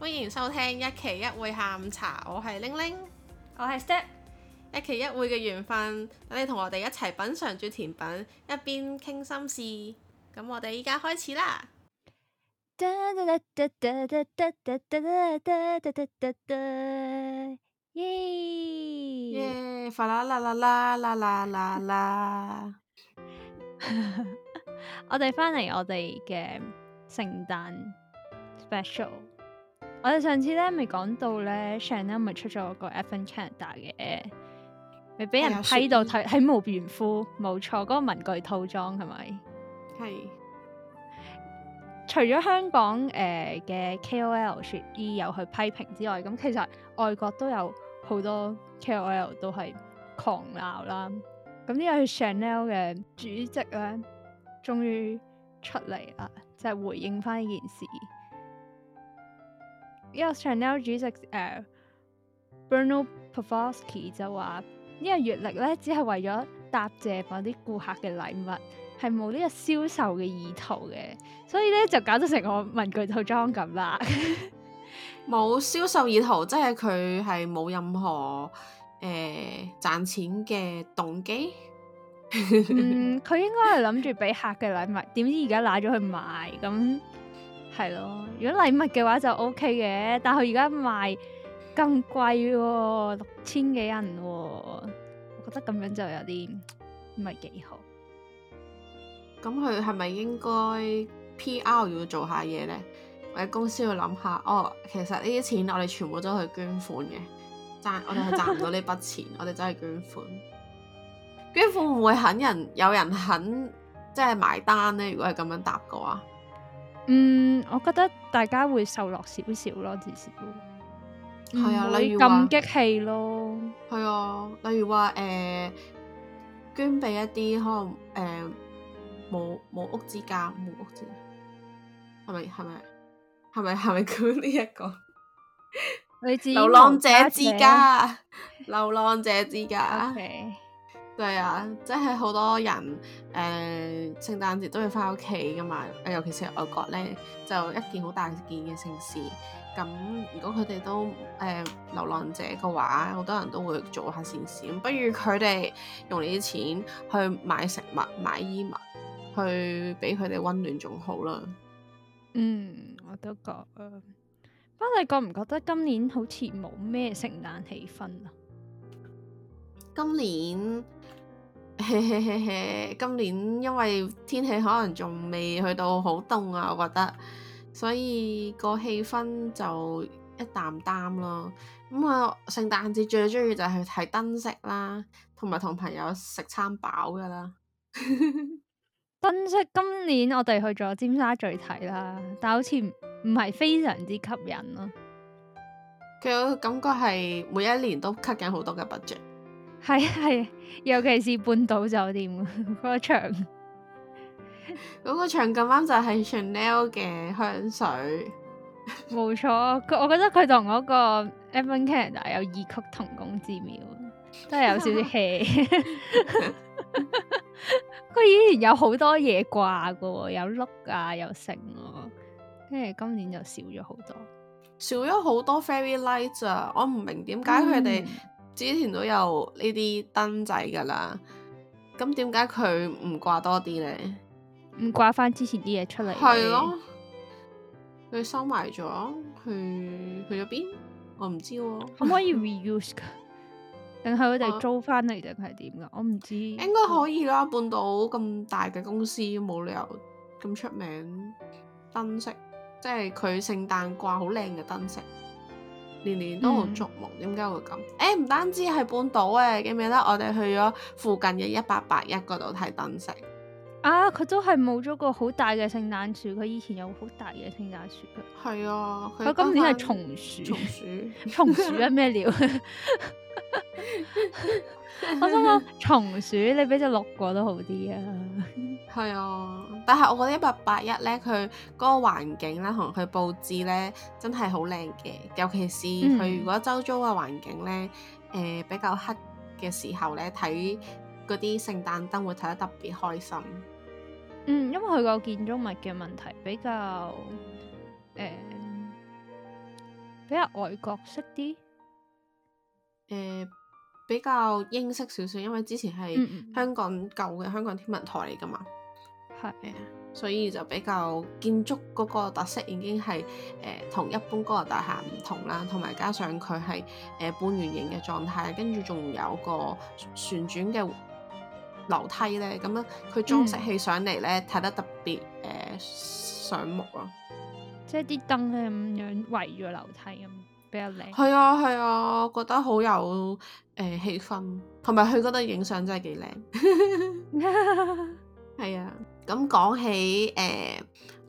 歡迎收聽一期一會下午茶，我係玲玲，我係是 Step，一期一會嘅緣分，等你同我哋一齊品嘗住甜品，一邊傾心事，咁我哋依家開始啦。 耶！耶！啦啦啦啦啦啦啦啦！我哋翻嚟我哋嘅聖誕 special。我哋上次咧咪講到咧，Chanel 咪出咗個 Advent Calendar 嘅嘢，咪俾人批到體無完膚，冇錯，嗰、那個文具套裝係咪？係。是除咗香港誒嘅、呃、KOL 說 e 有去批評之外，咁其實外國都有。好多 KOL 都係狂鬧啦，咁、嗯、呢個係 Chanel 嘅主席咧，終於出嚟啦，就係回應翻呢件事。呢個 Chanel 主席誒、呃、Bruno Pavlovsky 就話：呢個月曆咧，只係為咗答謝某啲顧客嘅禮物，係冇呢個銷售嘅意圖嘅，所以咧就搞到成個文具套裝咁啦。 冇銷售意圖，即係佢係冇任何誒、呃、賺錢嘅動機。佢、 嗯、應該係諗住俾客嘅禮物，點知而家攞咗去賣，咁係咯。如果禮物嘅話就 O K 嘅，但係佢而家賣更貴、哦，六千幾蚊、哦，我覺得咁樣就有啲唔係幾好。咁佢係咪應該 PR 要做下嘢呢？我喺公司要諗下，哦，其實呢啲錢我哋全部都去捐款嘅，賺我哋係賺唔到呢筆錢， 我哋走去捐款。捐款會唔會肯人有人肯即係埋單咧？如果係咁樣答嘅話，嗯，我覺得大家會受落少少咯，至少係啊，例如咁激氣咯，係啊，例如話誒，捐俾一啲可能誒冇冇屋之家，冇屋住，係咪係咪？係咪係咪講呢一個？ 流浪者之家， 流浪者之家。係，係啊，即係好多人，誒、呃，聖誕節都要翻屋企噶嘛、呃，尤其是外國咧，就一件好大件嘅盛事。咁如果佢哋都誒、呃、流浪者嘅話，好多人都會做下善事。不如佢哋用呢啲錢去買食物、買衣物，去俾佢哋溫暖，仲好啦。嗯。我都覺，不過你覺唔覺得今年好似冇咩聖誕氣氛啊？今年，今年因為天氣可能仲未去到好凍啊，我覺得，所以個氣氛就一淡淡咯。咁啊，聖誕節最鍾意就係睇燈飾啦，同埋同朋友食餐飽㗎喇。分析今年我哋去咗尖沙咀睇啦，但係好似唔係非常之吸引咯。佢有個感覺係每一年都吸緊好多嘅 budget，係係，尤其是半島酒店嗰 那個場， 嗰個場咁啱就係 Chanel 嘅香水，冇 錯。佢我覺得佢同嗰個 Avon Canada 有異曲同工之妙，都係有少少 hea 佢以前有好多嘢掛嘅，有碌啊，有成咯、啊，跟住今年就少咗好多，少咗好多 Fairy Light 啫、啊。我唔明點解佢哋之前都有呢啲燈仔噶啦，咁點解佢唔掛多啲咧？唔掛翻之前啲嘢出嚟？係咯、哦，佢收埋咗，去去咗邊？我唔知、啊，可唔可以 reuse 噶？ 定係佢哋租翻嚟，定係點噶？我唔知。應該可以啦，半島咁大嘅公司，冇理由咁出名燈飾，即係佢聖誕掛好靚嘅燈飾，年年都好矚目。點解、嗯、會咁？誒、欸，唔單止係半島嘅，記唔記得我哋去咗附近嘅一八八一嗰度睇燈飾？啊，佢都係冇咗個好大嘅聖誕樹，佢以前有好大嘅聖誕樹。係啊，佢、啊、今年係松鼠，松鼠， 松鼠啊，咩料？ 我想講松鼠，你俾只六個都好啲啊！係 啊，但係我覺得一百八一咧，佢嗰個環境咧同佢布置咧，真係好靚嘅。尤其是佢如果周遭嘅環境咧，誒、嗯呃、比較黑嘅時候咧，睇嗰啲聖誕燈會睇得特別開心。嗯，因為佢個建築物嘅問題比較、呃，比較外國式啲，誒、呃。比較英式少少，因為之前係香港舊嘅香港天文台嚟噶嘛。係啊，所以就比較建築嗰個特色已經係誒同一般高樓大廈唔同啦，同埋加上佢係誒半圓形嘅狀態，跟住仲有個旋轉嘅樓梯咧，咁樣佢裝飾起上嚟咧睇得特別誒上、呃、目咯，即係啲燈係咁樣圍住樓梯咁比較靚。係啊係啊，覺得好有～誒、欸、氣氛，同埋佢嗰度影相真係幾靚，係 啊！咁講起誒、呃，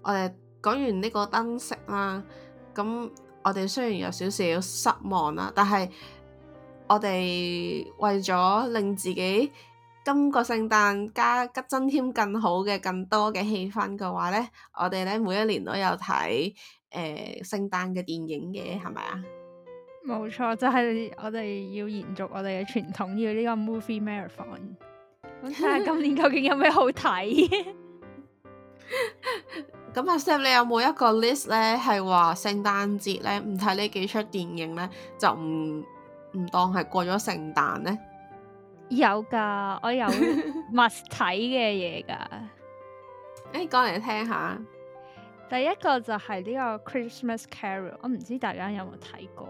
我哋講完呢個燈飾啦，咁我哋雖然有少少失望啦，但係我哋為咗令自己今個聖誕加增添更好嘅、更多嘅氣氛嘅話咧，我哋咧每一年都有睇誒、呃、聖誕嘅電影嘅，係咪啊？冇錯，就係、是、我哋要延續我哋嘅傳統，要呢個 movie marathon。睇下今年究竟有咩好睇？咁阿 Sam，你有冇一個 list 咧？係話聖誕節咧，唔睇呢幾齣電影咧，就唔唔當係過咗聖誕咧？有㗎，我有 must 睇嘅嘢㗎。誒、欸，講嚟聽下，第一個就係呢個 Christmas Carol。我唔知大家有冇睇過。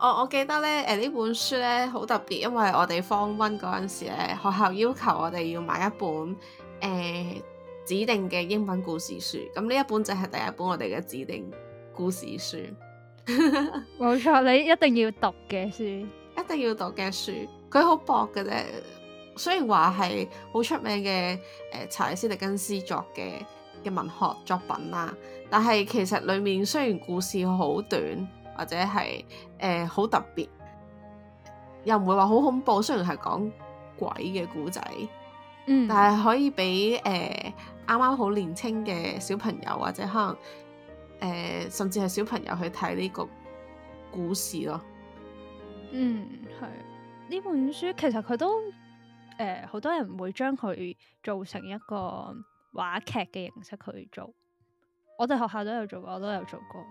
我我記得咧，誒、呃、呢本書咧好特別，因為我哋 Form One 嗰陣時咧，學校要求我哋要買一本誒、呃、指定嘅英文故事書，咁呢一本就係第一本我哋嘅指定故事書。冇 錯，你一定要讀嘅書，一定要讀嘅書。佢好薄嘅啫，雖然話係好出名嘅誒、呃、查爾斯狄更斯作嘅嘅文學作品啦，但係其實裡面雖然故事好短。或者係誒好特別，又唔會話好恐怖。雖然係講鬼嘅故仔，嗯，但係可以俾誒啱啱好年輕嘅小朋友，或者可能誒、呃、甚至係小朋友去睇呢個故事咯。嗯，係呢本書其實佢都誒好、呃、多人會將佢做成一個話劇嘅形式去做。我哋學校都有做過，我都有做過。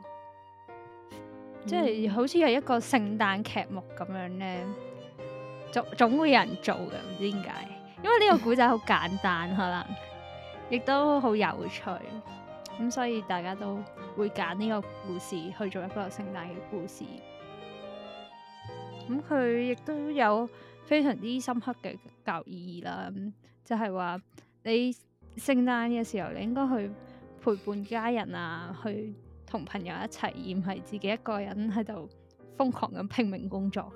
即係好似係一個聖誕劇目咁樣呢，總總會有人做嘅，唔知點解，因為呢個故仔好簡單， 可能亦都好有趣，咁所以大家都會揀呢個故事去做一個聖誕嘅故事。咁佢亦都有非常之深刻嘅教義啦，就係話你聖誕嘅時候，你應該去陪伴家人啊，去同朋友一齊，而唔係自己一個人喺度瘋狂咁拼命工作。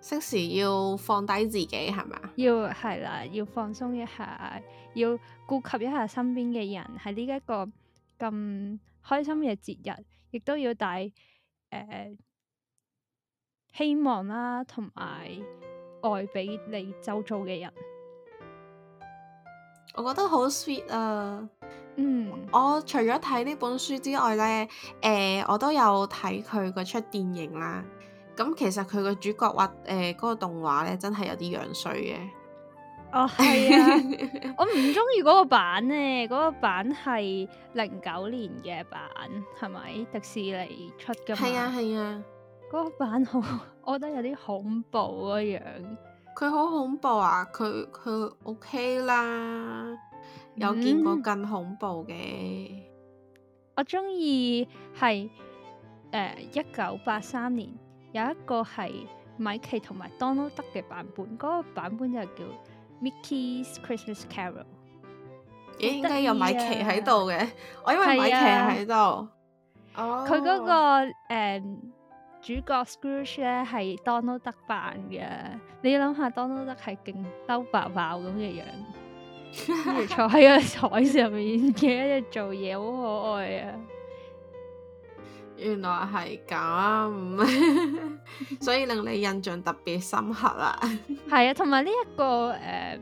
適 時要放低自己係嘛？要係啦，要放鬆一下，要顧及一下身邊嘅人。喺呢一個咁開心嘅節日，亦都要帶誒、呃、希望啦，同埋愛俾你周遭嘅人。我覺得好 sweet 啊！嗯，我除咗睇呢本書之外呢，誒、呃，我都有睇佢嗰出電影啦。咁、嗯、其實佢個主角畫，誒、呃，嗰、那個動畫呢，真係有啲樣衰嘅。哦，係啊， 我唔中意嗰個版呢、啊，嗰、那個版係零九年嘅版，係咪迪士尼出嘅？係啊，係啊，嗰個版好，我覺得有啲恐怖個樣。佢好恐怖啊！佢佢 OK 啦，嗯、有見過更恐怖嘅。我中意係誒一九八三年有一個係米奇同埋 Donald 多諾德嘅版本，嗰、那個版本就叫 Mickey's Christmas Carol。咦、欸？啊、應該有米奇喺度嘅，啊、我因為米奇喺度，佢嗰、啊 oh 那個、呃主角 Scrooge 咧係 Donald Duck 扮嘅，你諗下 Donald Duck 係勁嬲爆爆咁嘅樣，冇錯，喺個台上面嘅一日做嘢，好可愛啊！原來係咁，所以令你印象特別深刻啦。係 啊，同埋呢一個誒、呃、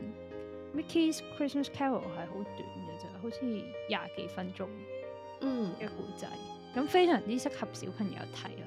Mickey's Christmas Carol 係好短嘅啫，好似廿幾分鐘，嗯嘅古仔，咁非常之適合小朋友睇啊。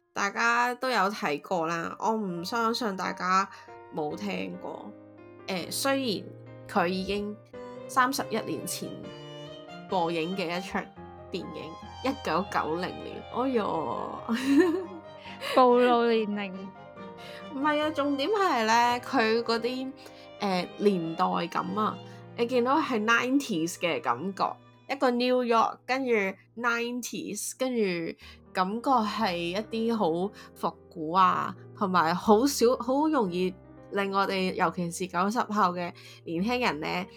大家都有睇過啦，我唔相信大家冇聽過。誒、呃，雖然佢已經三十一年前播映嘅一齣電影，一九九零年，哎呀，暴露年齡。唔係 啊，重點係咧，佢嗰啲誒年代感啊，你見到係 nineties 嘅感覺，一個 New York 跟住 nineties 跟住。感覺係一啲好復古啊，同埋好少好容易令我哋，尤其是九十後嘅年輕人咧，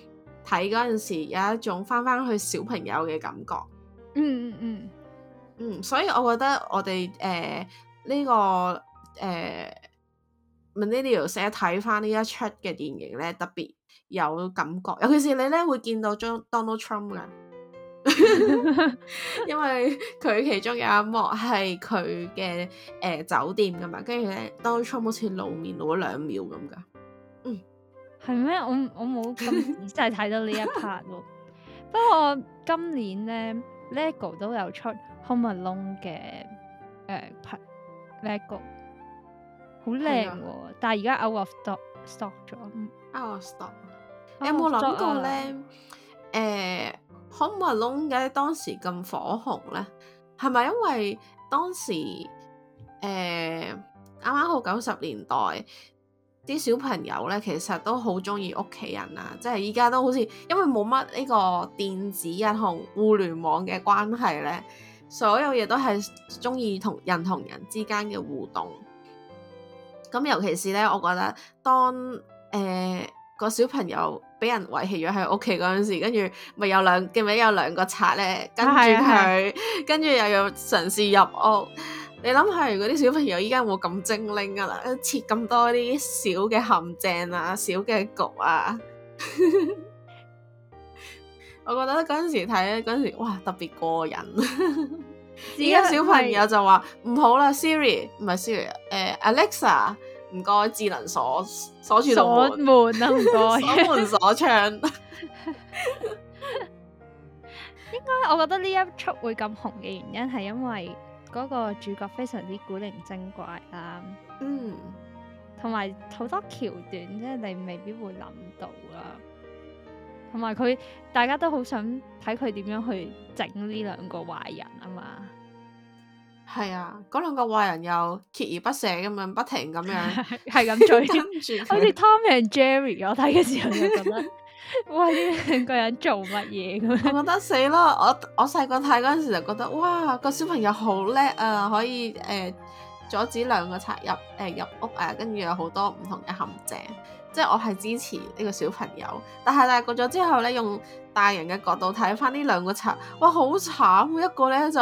睇嗰陣時有一種翻翻去小朋友嘅感覺。嗯嗯嗯嗯，所以我覺得我哋誒呢個誒，Melody 睇翻呢一出嘅電影咧，特別有感覺，尤其是你咧會見到張 Donald Trump 嘅。 因為佢其中有一幕係佢嘅誒酒店噶嘛，跟住咧，當初好似露面露咗兩秒咁噶。嗯，係咩？我我冇咁真係睇到呢一 part 不過今年咧，LEGO 都有出《Home Alone》嘅、呃、誒 LEGO，好靚，的但係而家 out of stock 咗。out of stock， 你有冇諗過咧？誒、 啊。呃可唔可以諗解當時咁火紅呢？係咪因為當時誒啱啱好九十年代啲小朋友呢，其實都好中意屋企人啊！即係依家都好似因為冇乜呢個電子啊同互聯網嘅關係呢，所有嘢都係中意同人同人之間嘅互動。咁尤其是呢，我覺得當誒個、呃、小朋友。俾人遺棄咗喺屋企嗰陣時，跟住咪有兩，記唔記得有兩個賊咧跟住佢，跟住又要嘗試入屋。你諗下，如果啲小朋友依家冇咁精靈㗎喇，設咁多啲小嘅陷阱啊，小嘅局啊，我覺得嗰陣時睇嗰陣時，哇，特別過癮。依家小朋友就話唔好啦，Siri 唔係 Siri，誒 Alexa。唔該，智能鎖鎖住鎖門啊！唔該，鎖門鎖窗。應該，我覺得呢一出會咁紅嘅原因係因為嗰個主角非常之古靈精怪啦。嗯，同埋好多橋段，即係你未必會諗到啦。同埋佢，大家都好想睇佢點樣去整呢兩個壞人啊嘛。係啊，嗰兩個壞人又鍥而不捨咁樣，不停咁樣，係咁 追，跟住 好似 Tom and Jerry，我睇嘅時候就咁啦。喂， 兩個人做乜嘢咁？ 我覺得死咯！我我細個睇嗰陣時就覺得，哇，個小朋友好叻啊，可以誒、呃、阻止兩個賊入誒、呃、入屋啊，跟住有好多唔同嘅陷阱。即係我係支持呢個小朋友，但係大個咗之後咧，用大人嘅角度睇翻呢兩個賊，哇，好慘！ 一個咧就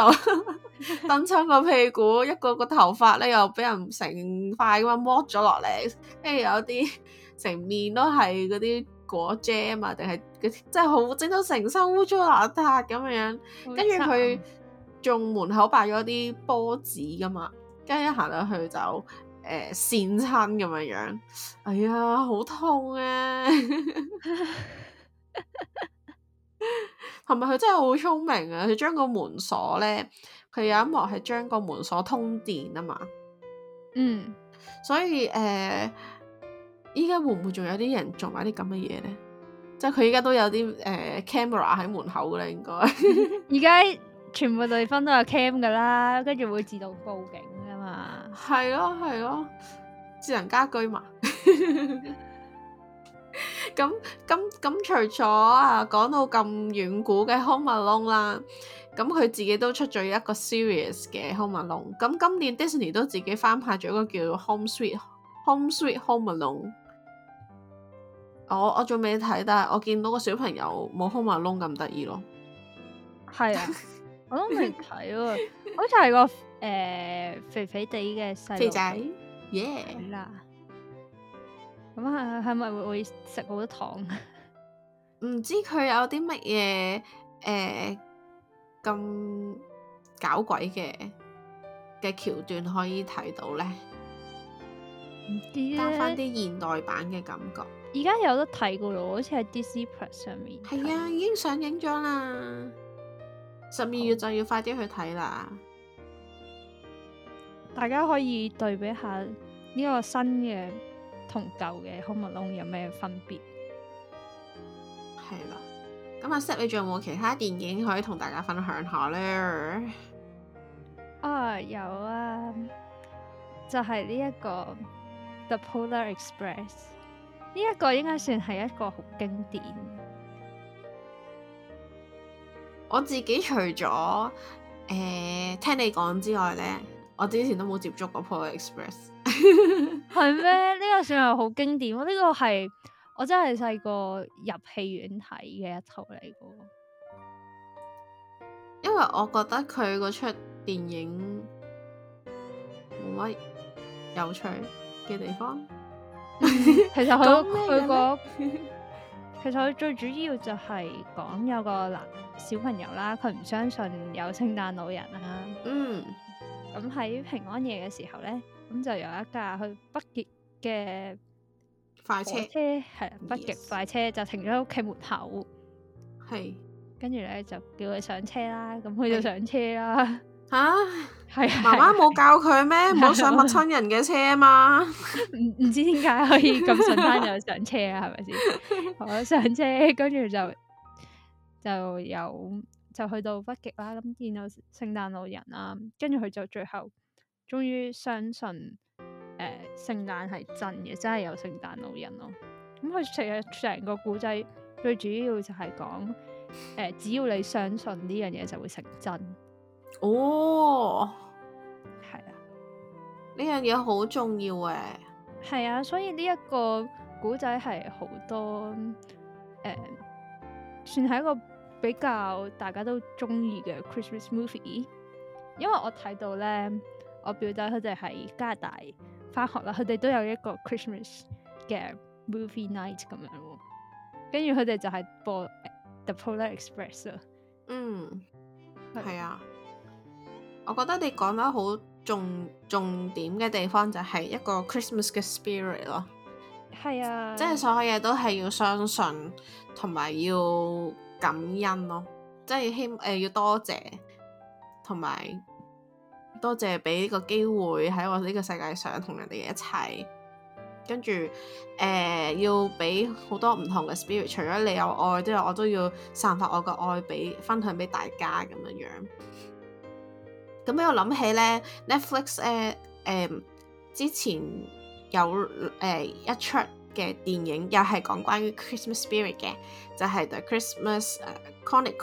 蹬親個屁股， 一個個頭髮咧又俾人成塊咁樣剝咗落嚟，跟住有啲成面都係嗰啲果醬啊，定係即係好整到成身污糟邋遢咁樣，跟住佢仲門口擺咗啲波子噶嘛，跟住一行入去就。誒，跣親咁樣樣，哎呀，好痛啊！係咪佢真係好聰明啊？佢將個門鎖咧，佢有一幕係將個門鎖通電啊嘛，嗯，所以誒，依家會唔會仲有啲人做埋啲咁嘅嘢咧？即係佢依家都有啲誒 camera 喺門口噶啦，應該而家全部地方都有 cam 噶啦，跟住會自動報警。係咯係咯，智能家居嘛。咁咁咁，除咗啊，講到咁遠古嘅《Home Alone》啦，咁佢自己都出咗一個《Serious》嘅《Home Alone》。咁今年 Disney 都自己翻拍咗一個叫《Home Sweet Home Sweet Home Alone》。我我仲未睇，但係我見到個小朋友冇《Home Alone》咁得意咯。係啊，我都未睇啊，好似係個。誒、呃，肥肥地嘅細路仔，啦、yeah.，咁係係咪會食好多糖？唔 知佢有啲乜嘢誒咁搞鬼嘅嘅橋段可以睇到咧？唔知咧，翻啲現代版嘅感覺。而家有得睇噶啦，好似喺 Disney Plus 上面。係啊，已經上映咗啦，十二月就要快啲去睇啦。大家可以對比下呢個新嘅同舊嘅《Home Alone》有咩分別？係啦，咁阿 Seth，你仲有冇其他電影可以同大家分享下咧？啊、哦，有啊，就係呢一個《The Polar Express》呢、這、一個應該算係一個好經典。我自己除咗誒、呃、聽你講之外咧。我之前都冇接觸過 《Polar Express》，係咩？呢個算係好經典、啊，呢、呢個係我真係細個入戲院睇嘅一套嚟嘅。因為我覺得佢嗰出電影冇乜有趣嘅地方。其實佢佢講，其實佢、 嗰個、最主要就係講有個男小朋友啦，佢唔相信有聖誕老人啊。嗯。咁喺平安夜嘅時候咧，咁就有一架去北極嘅快車，車係北極快車就停咗喺屋企門口，係跟住咧就叫佢上車啦，咁佢就上車啦。吓、啊，係媽媽冇教佢咩？唔好是上陌生人嘅車嘛？唔唔 知點解可以咁順翻就上車啊？係咪先？我上車，跟住就就，就有。就去到北極啦，咁見到聖誕老人啦，跟住佢就最後終於相信誒、呃、聖誕係真嘅，真係有聖誕老人咯。咁佢成日成個古仔最主要就係講誒，只要你相信呢樣嘢就會成真。哦，係啊，呢樣嘢好重要誒。係啊，所以呢、呃、一個古仔係好多誒，算係一個，比較大家都中意嘅 Christmas movie，因為我睇到咧，我表弟佢哋喺加拿大返學啦，佢哋都有一個 Christmas 嘅 movie night 咁樣喎。跟住佢哋就係播 The Polar Express。嗯，係 But, 啊。我覺得你講得好重重點嘅地方就係一個 Christmas 嘅 spirit 咯。係啊，即係所有嘢都係要相信同埋要。感恩咯，即係希望、呃、要多謝，同埋多謝俾呢個機會喺我呢個世界上同人哋一齊，跟住誒、呃、要俾好多唔同嘅 spirit。除咗你有愛，都我都要散發我個愛，俾分享俾大家咁樣樣。咁我諗起呢 Netflix 誒、呃、誒、呃、之前有誒、呃、一出。嘅電影又係講關於 Christmas spirit 嘅，就係、係 uh,《Christmas Chronicle》，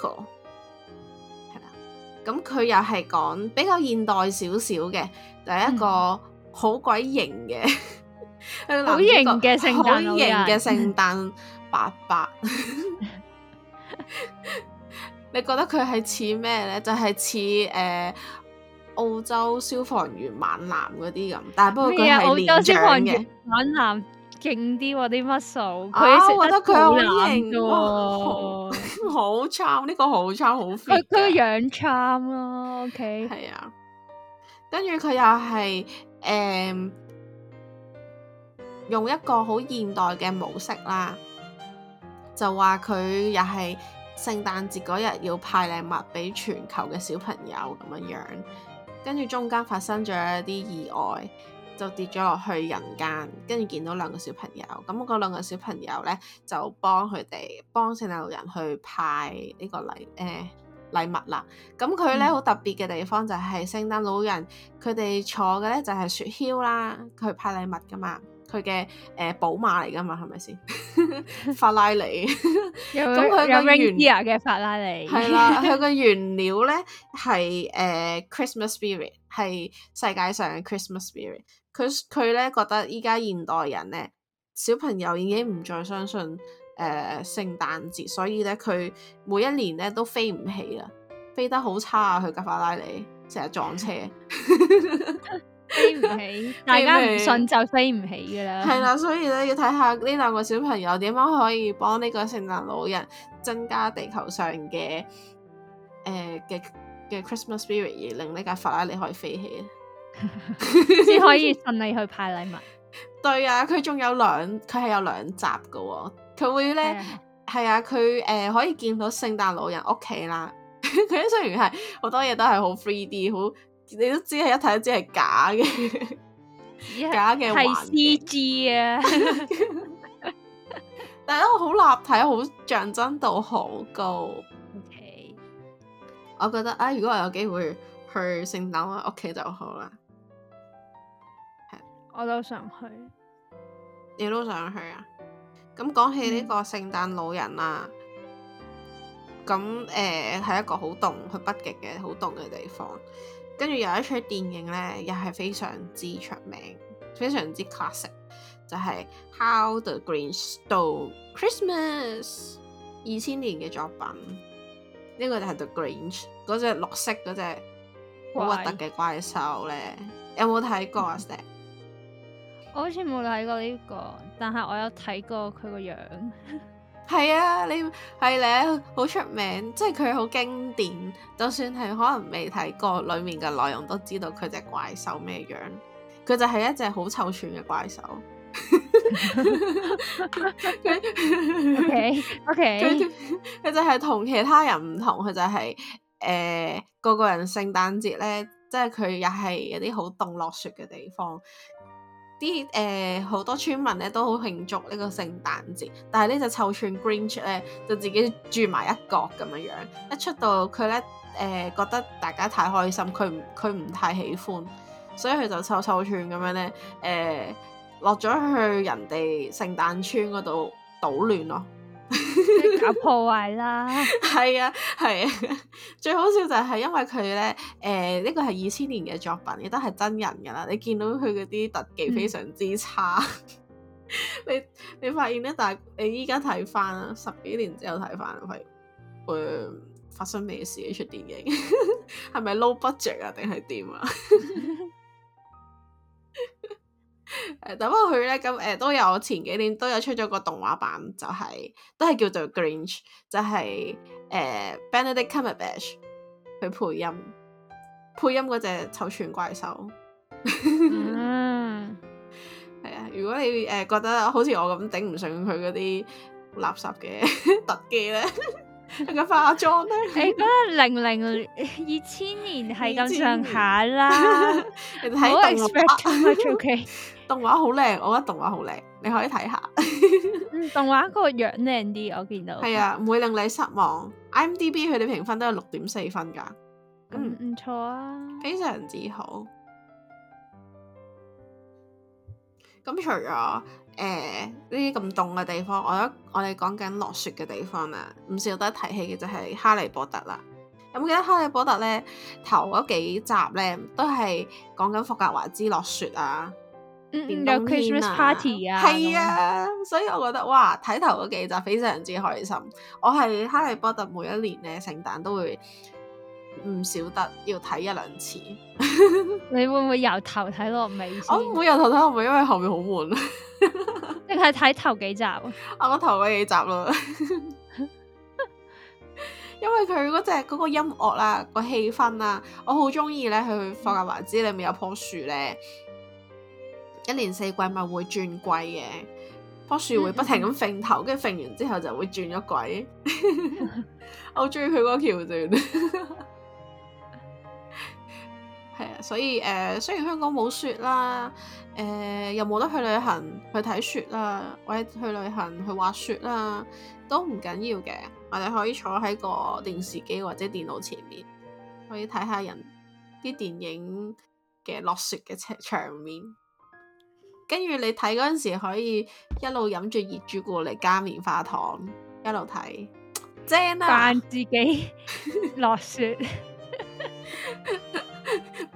係啦。咁佢又係講比較現代少少嘅，就第、係、一個好鬼型嘅，好型嘅聖誕老人，好型嘅聖誕伯伯。 你覺得佢係似咩呢？就係似誒澳洲消防員猛男嗰啲咁，但係不過佢係年長嘅猛男。勁啲喎啲 muscle，佢覺得佢好型喎。 好 charm，呢個好 charm，好 fit。佢佢樣 charm 咯，OK。係啊，跟住佢又係誒用一個好現代嘅模式啦，就話佢又係聖誕節嗰日要派禮物俾全球嘅小朋友咁樣樣，跟住中間發生咗一啲意外。就跌咗落去人間，跟住見到兩個小朋友。咁嗰兩個小朋友咧，就幫佢哋幫聖誕老人去派呢個禮誒、呃、禮物啦。咁佢咧好特別嘅地方就係聖誕老人佢哋坐嘅咧就係、是、雪橇啦，佢派禮物噶嘛，佢嘅誒寶馬嚟噶嘛，係咪先法拉利？咁佢個原料嘅法拉利，係 啦，佢個原料咧係誒 Christmas Spirit，係世界上嘅 Christmas Spirit。佢佢咧覺得依家現代人咧小朋友已經唔再相信誒、呃、聖誕節，所以咧佢每一年咧都飛唔起啦，飛得好差啊！佢架法拉利成日撞車， 飛唔起，大家唔信就飛唔起噶啦。係啦 有，所以咧要睇下呢兩個小朋友點樣可以幫呢個聖誕老人增加地球上嘅誒嘅、呃、嘅 Christmas spirit，而令呢架法拉利可以飛起。先 可以順利去派禮物。 對啊，佢仲有兩，佢係有兩集噶、哦。佢會咧，係、uh. 啊，佢誒、呃、可以見到聖誕老人屋企啦。佢 雖然係好多嘢都係好 three D，好你都知係一睇都知係假嘅， 假嘅係 CG 啊。 但係都好立體，好象真度好高。O Okay . K，我覺得啊、哎，如果我有機會去聖誕老人屋企就好啦。我都想去，你都想去啊？咁講起呢個聖誕老人啦、啊，咁誒係一個好凍去北極嘅好凍嘅地方。跟住有一出電影咧，又係非常之出名，非常之 classic，就係《How the Grinch Stole Christmas》。二千年嘅作品，呢、這個就係 The Grinch 嗰隻綠色嗰隻好核突嘅怪獸咧。乖有冇睇過啊、嗯我好似冇睇過呢、呢個，但係我有睇過佢個樣。係 啊，你係咧好出名，即係佢好經典。就算係可能未睇過裏面嘅內容，都知道佢隻怪獸咩樣。佢就係一隻好臭串嘅怪獸。 OK OK 佢 就係同其他人唔同，佢就係誒個個人聖誕節咧，即係佢又係有啲好凍落雪嘅地方。啲誒好多村民咧都好慶祝呢個聖誕節，但係呢隻臭串 Grinch 咧就自己住埋一角咁樣樣，一出到佢咧誒，覺得大家太開心，佢唔佢唔太喜歡，所以佢就臭臭串咁樣咧誒、呃、落咗去人哋聖誕村嗰度搗亂咯。 搞破壞啦，係 啊係啊，最好笑就係因為佢咧，誒呢個係二千年嘅作品，亦都係真人噶啦，你見到佢嗰啲特技非常之差，嗯、 你你發現咧，但係你依家睇翻，十幾年之後睇翻係，誒發，發生咩事？呢出電影係咪 low budget 啊？定係點啊？ 誒，但不過佢咧咁，誒、呃、都有我前幾年都有出咗個動畫版，就係、是、都係叫做 Grinch，就係、是、誒、呃、Benedict Cumberbatch 去配音，配音嗰隻醜串怪獸。係 啊、uh，huh. 如果你誒、呃、覺得好似我咁頂唔順佢嗰啲垃圾嘅特技咧，佢 化妝咧，你覺得零零二千年係咁上下啦，2000 年 你睇看。ok 動畫好靚，我覺得動畫好靚，你可以睇下。 動畫嗰個樣靚啲，我見到係啊，唔會令你失望。IMDB 佢哋評分都係六點四分噶，咁唔錯啊，非常之好。咁除咗誒呢啲咁凍嘅地方，我覺得我哋講緊落雪嘅地方啊，唔少得提起嘅就係《哈利波特》啦。有冇記得《哈利波特》呢咧頭嗰幾集咧都係講緊霍格華茲落雪啊？嗯，有、啊嗯、Christmas party 啊，係啊，樣所以我覺得哇，睇頭嗰幾集非常之開心。我係哈利波特每一年咧，聖誕都會唔少得要睇一兩次。 你會唔會由頭睇落尾？我唔會由頭睇落尾，因為後面好悶。定係睇頭幾集？我睇頭嗰幾集咯， 因為佢嗰隻嗰個音樂啦、啊，個氣氛啊，我好中意咧。佢《霍格沃茲》裏面有棵樹咧。一年四季咪會轉季嘅，棵樹會不停咁揈頭，跟住揈完之後就會轉咗鬼。 我好鍾意佢嗰個橋段，係啊。所以誒、呃，雖然香港冇雪啦，誒、呃、又冇得去旅行去睇雪啦，或者去旅行去滑雪啦，都唔緊要嘅。我哋可以坐喺個電視機或者電腦前面，可以睇下人啲電影嘅落雪嘅場場面。跟住你睇嗰陣時，可以一路飲住熱朱古力，加棉花糖，一路睇，正啊！扮自己落雪，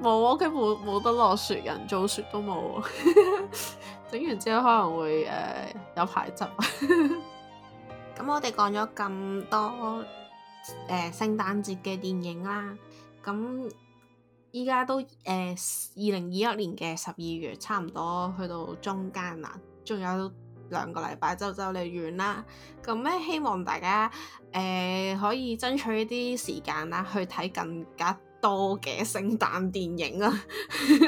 冇， 屋企冇冇得落雪，人造雪都冇，整 完之後可能會誒、呃、有排執。咁 我哋講咗咁多誒，聖誕節嘅電影啦，咁。依家都誒二零二一年嘅十二月差，差唔多去到中間啦，仲有兩個禮拜就就嚟完啦。咁咧希望大家誒、呃、可以爭取啲時間啦，去睇更加多嘅聖誕電影啊，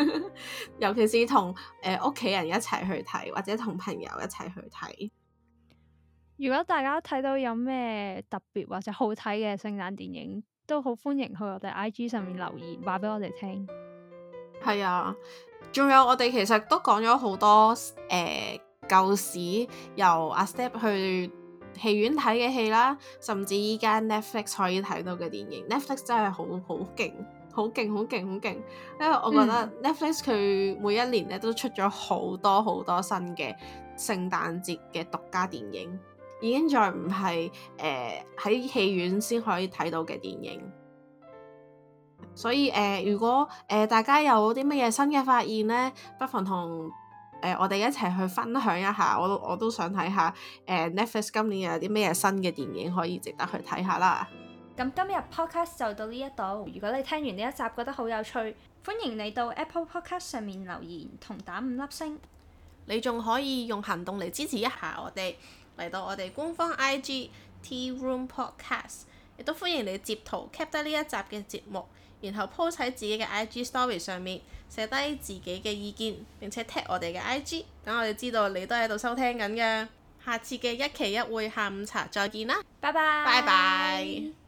尤其是同誒屋企人一齊去睇，或者同朋友一齊去睇。如果大家睇到有咩特別或者好睇嘅聖誕電影，都好歡迎去我哋 IG 上面留言，話俾我哋聽。係啊，仲有我哋其實都講咗好多誒、欸、舊時，由阿 Step 去戲院睇嘅戲啦，甚至依家 Netflix 可以睇到嘅電影。Netflix 真係好好勁，好勁，好勁，好勁！因為我覺得、嗯、Netflix 佢每一年咧都出咗好多好多新嘅聖誕節嘅獨家電影。已經再唔係誒喺戲院先可以睇到嘅電影，所以誒、呃，如果誒、呃、大家有啲乜嘢新嘅發現呢，不妨同誒、呃、我哋一齊去分享一下。我我都想睇下誒、呃、Netflix 今年有啲乜嘢新嘅電影可以值得去睇下啦。咁今日 Podcast 就到呢一度。如果你聽完呢一集覺得好有趣，歡迎你到 Apple Podcast 上面留言同打五粒星。你仲可以用行動嚟支持一下我哋。嚟到我哋官方 IG Tea Room Podcast，亦都歡迎你截圖，Keep 得呢一集嘅節目，然後 post 喺自己嘅 IG story 上面，寫低自己嘅意見，並且 tag 我哋嘅 IG，等我哋知道你都喺度收聽緊嘅。下次嘅一期一會下午茶，再見啦，拜拜，拜拜。